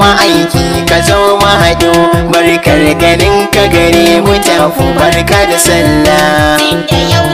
ma'aiki ka zo mahado barkar ganin ka gare mu tafu barka da sallah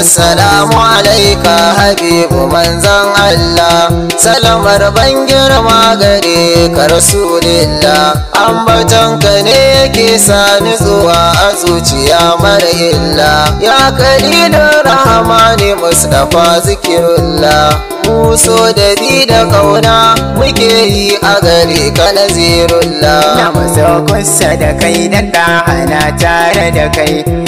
assalamu alaika habibu manzan Allah salamar ban girma gare ka rasulillah ambaton ka ne yake Sani zuwa a mara illa ya kalilin rahmani mustafa zikirullah muso da bi da ƙauna muke yi a gari ka na zirulla da kai na ana tare da kai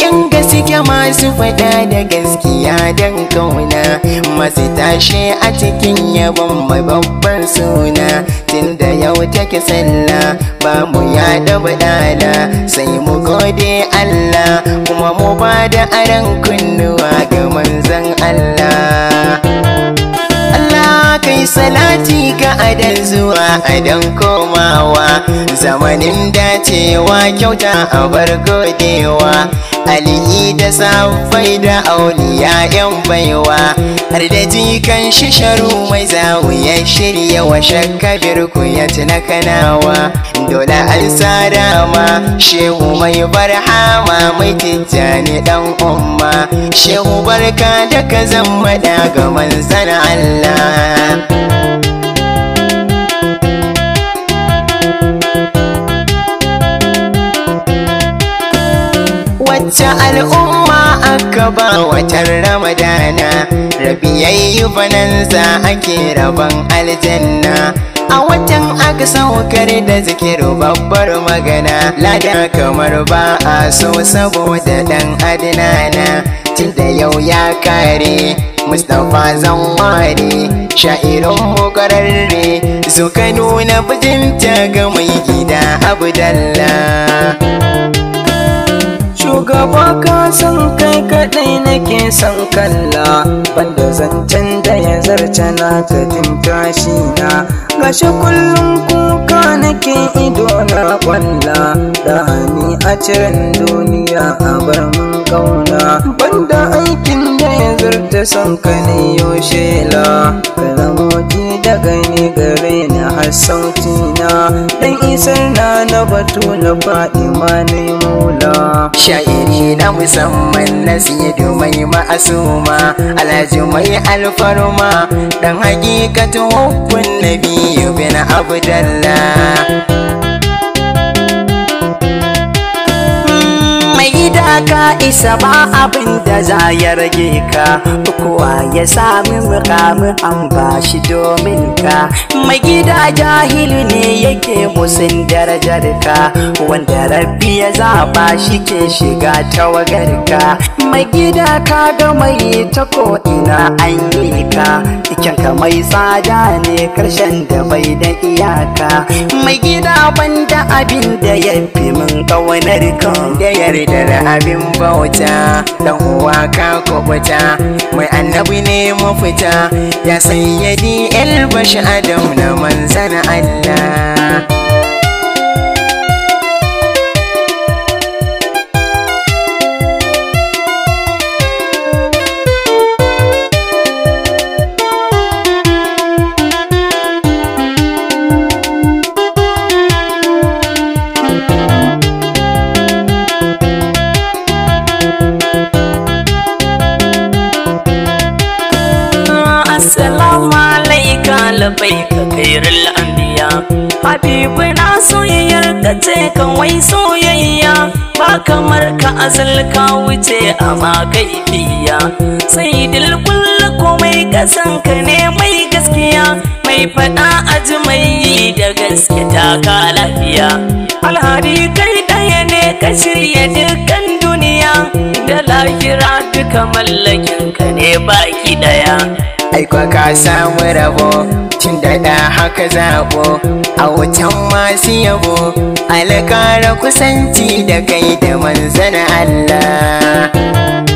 in gaskiya masu fada da gaskiya don kauna masu tashe a cikin yabon mai babban suna tun da yau take sallah ba mu ya da sai mu gode Allah kuma mu bada da aran kunnuwa ga manzan ga adan zuwa aidan komawa zamanin dacewa kyauta a bar godewa aliyi da safai da auliya yan baiwa har da jikan shisharu mai zawu ya shirya wa shakkabir ku ya tuna kanawa dole an sadama shehu mai barhama mai tijjani dan umma shehu barka da ka zama ga manzan Allah wata al'umma aka ba watan ramadana rabiyayyu bananza ake rabon aljanna a watan aka saukar da zikiru babbar magana lada kamar ba a so saboda dan adinana da yau ya kare mustapha zanwari sha'irin mukararre su ka nuna bijinta ga mai gida abdallah shugaba ka san kai kaɗai nake san kalla banda zancen da ya zarce na ta tashi na gashi kullum kuka nake ido na Da ni a ciren duniya a bar mun kauna banda aikin da ya zarta son ka ne yaushe la kalamoji daga ni sautina dan isar na na batu na fa'ima ne mula sha'iri na musamman na siyadu mai ma'asuma alhaji mai alfarma dan hakikatu hukun nabi bin abdallah ka isa ba abin da za ya rage ka kowa ya sami mukamin an bashi domin ka mai gida jahili ne yake musin darajar ka wanda rabbi ya zaba shi ke shiga tawagar ka mai gida ka ga mai ta ko ina an yi ka ka mai tsada ne karshen da bai da iyaka mai gida banda abin da ya fi min ƙaunar kan da abin bauta da uwa ka kubuta mai annabi ne mafita ya sayyadi el bashi adam na manzan Allah habibu na soyayyar ka ce kawai soyayya ba kamar ka azal ka wuce a makaifiya sai dil kulla komai san ka ne mai gaskiya mai fada aji mai yi da gaske ta ka lafiya alhari kai daya ne ka shirya dukkan duniya da lahira duka mallakin ka ne baki daya aiko ka samu rabo tun daɗa haka zabo a wutan masu yabo alƙara kusanci da kai da manzan Allah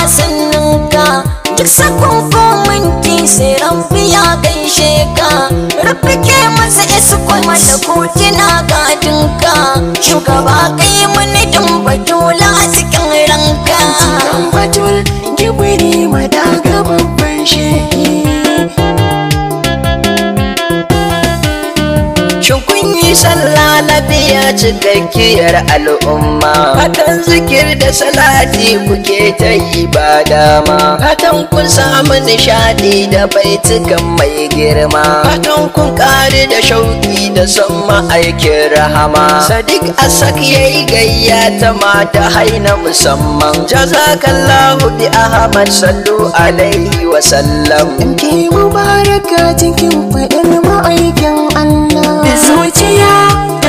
wasanninka duk sakon kominti sai rabbi ya gaishe ka rabbi ke masa isu kuma da kotuna gadinka shugaba kai mini dan batula a cikin ranka batula jibiri madaga babban shi sallah sallah biya cikakkiyar al'umma fatan zikir da salati kuke ta yi ba dama fatan kun samu nishadi da baitukan mai girma fatan kun kare da shauki da son ma'aikin rahama sadiq asak yayi gayya ta mata haina musamman jazakallahu bi ahmad sallu alaihi wa sallam in ki mubaraka cikin faɗin ma'aikin allah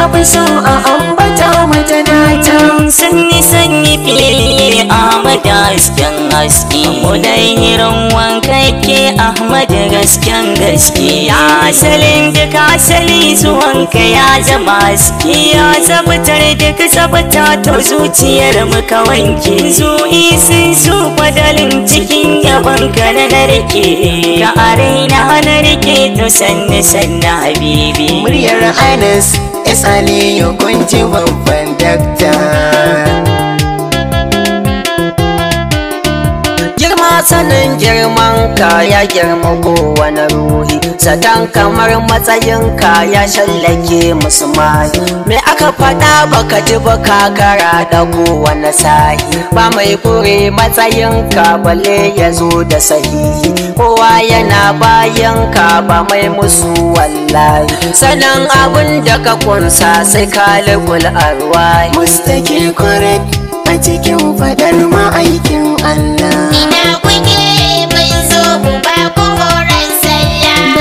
ta fi so a ambata mata data sanni sanyi fiye Ahmad hasken haske Kudai hirin wanka ke Ahmad gasken gaske Ya asalin duka asali zuwanka ya zama haske Ya zabatar duk zabata to zuciyar muka wanke Zu'i sun su fadalin cikin yabanka na narke Ka arena na rike to sanni sanni habibi Muryar Anas Yes Aliyu babban dakta Girma sanin girman ka ya girma na ruhi zaton kamar matsayinka ya shallake mai me aka faɗa baka ji ba ka gara da kowane sahi ba mai kure matsayinka balle ya zo da sahihi kowa yana bayan ka ba mai musu wallahi sanan abin da ka kunsa sai ka lagul arwai mustaki korek a cikin faɗar ma'aikin Allah ina kuke mun zo ba ku horo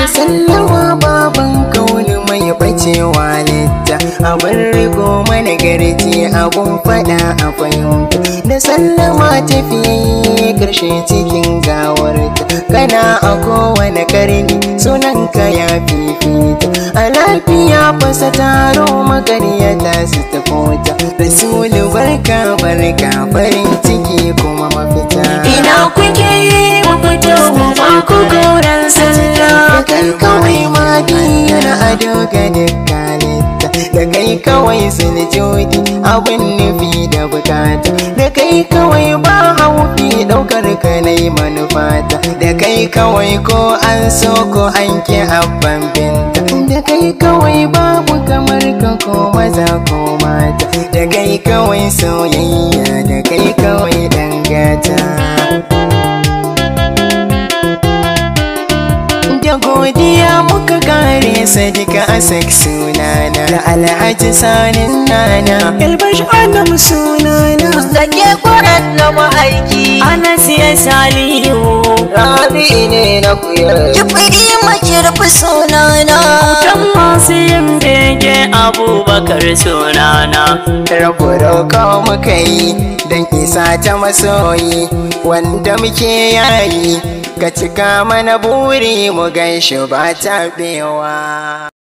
Sallama sannawa baban kauli mai bacewa litta abin rigo mana garji abun fada a fahimta da sallama tafi karshe cikin gawarta kana a kowane karni sunanka ya fifita a lafiya fasa taro makaryata su tafota rasulu barka barka farin ciki kuma mafita ina kuke yi mu ku kai kawai ma yana ado ga kalita da kai kawai sinjodi abin nufi da bukata da kai kawai ba haufi daukar ka nai manufata da kai kawai ko an so ko an ke abban binta da kai kawai babu kamar ka ko maza ko mata da kai kawai soyayya da kai kawai dangata godiya muka kare sadika a sunana da alhaji sanin nana yalbashi adam sunana zake kuran na ma'aiki ana siya salihu rabi ne na kuyar kifiri makirfi sunana kan masu yin bege abubakar sunana rabu kawo muka yi don isa ta masoyi wanda muke yayi ka cika mana buri mu gan shi ba taɓewa